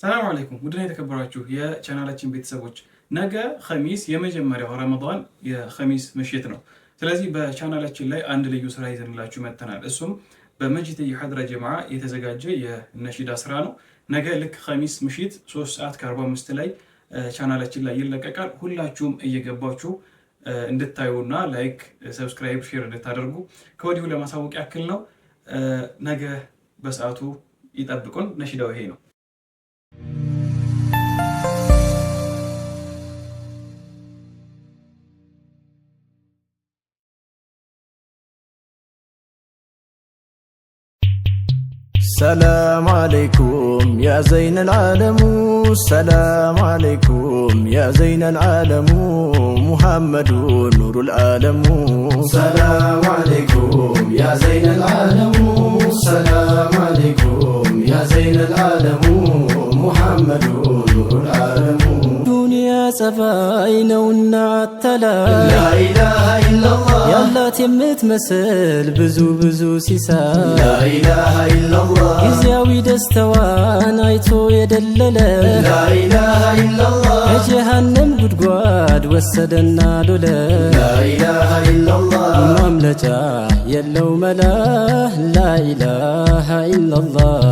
ሰላም አለይኩም ውድና የተከበራችሁ የቻናላችን ቤተሰቦች፣ ነገ ኸሚስ የመጀመሪያው ረመዳን የኸሚስ ምሽት ነው። ስለዚህ በቻናላችን ላይ አንድ ልዩ ስራ ይዘንላችሁ መጥተናል። እሱም በመጅት የሐድራ ጀማዓ የተዘጋጀ የነሺዳ ስራ ነው። ነገ ልክ ኸሚስ ምሽት 3 ሰዓት ከ45 ላይ ቻናላችን ላይ ይለቀቃል። ሁላችሁም እየገባችሁ እንድታዩና ላይክ፣ ሰብስክራይብ፣ ሼር እንድታደርጉ ከወዲሁ ለማሳወቅ ያክል ነው። ነገ በሰዓቱ ይጠብቁን። ነሽዳው ይሄ ነው። ሰላም አለይኩም ያ ዘይነል ዓለሙ ሰላም አለይኩም ያ ዘይነል ዓለሙ ሙሐመዱ ኑሩል ዓለሙ ሰላም አለይኩም ያ ዘይነል ዘይነ ልዓለሙ ሙሐመዱ ልዓለሙ ዱንያ ጸባይ ነውና አተላይ ያላት የምትመስል ብዙ ብዙ ሲሳይ ላኢላሃ ኢላላህ ጊዜያዊ ደስተዋን አይቶ የደለለ ላኢላሃ ከጀሃነም ጉድጓድ ወሰደና ዶለ ላኢላሃ ኢላላህ ማምለጫ የለው መላ ላኢላሃ ኢላላህ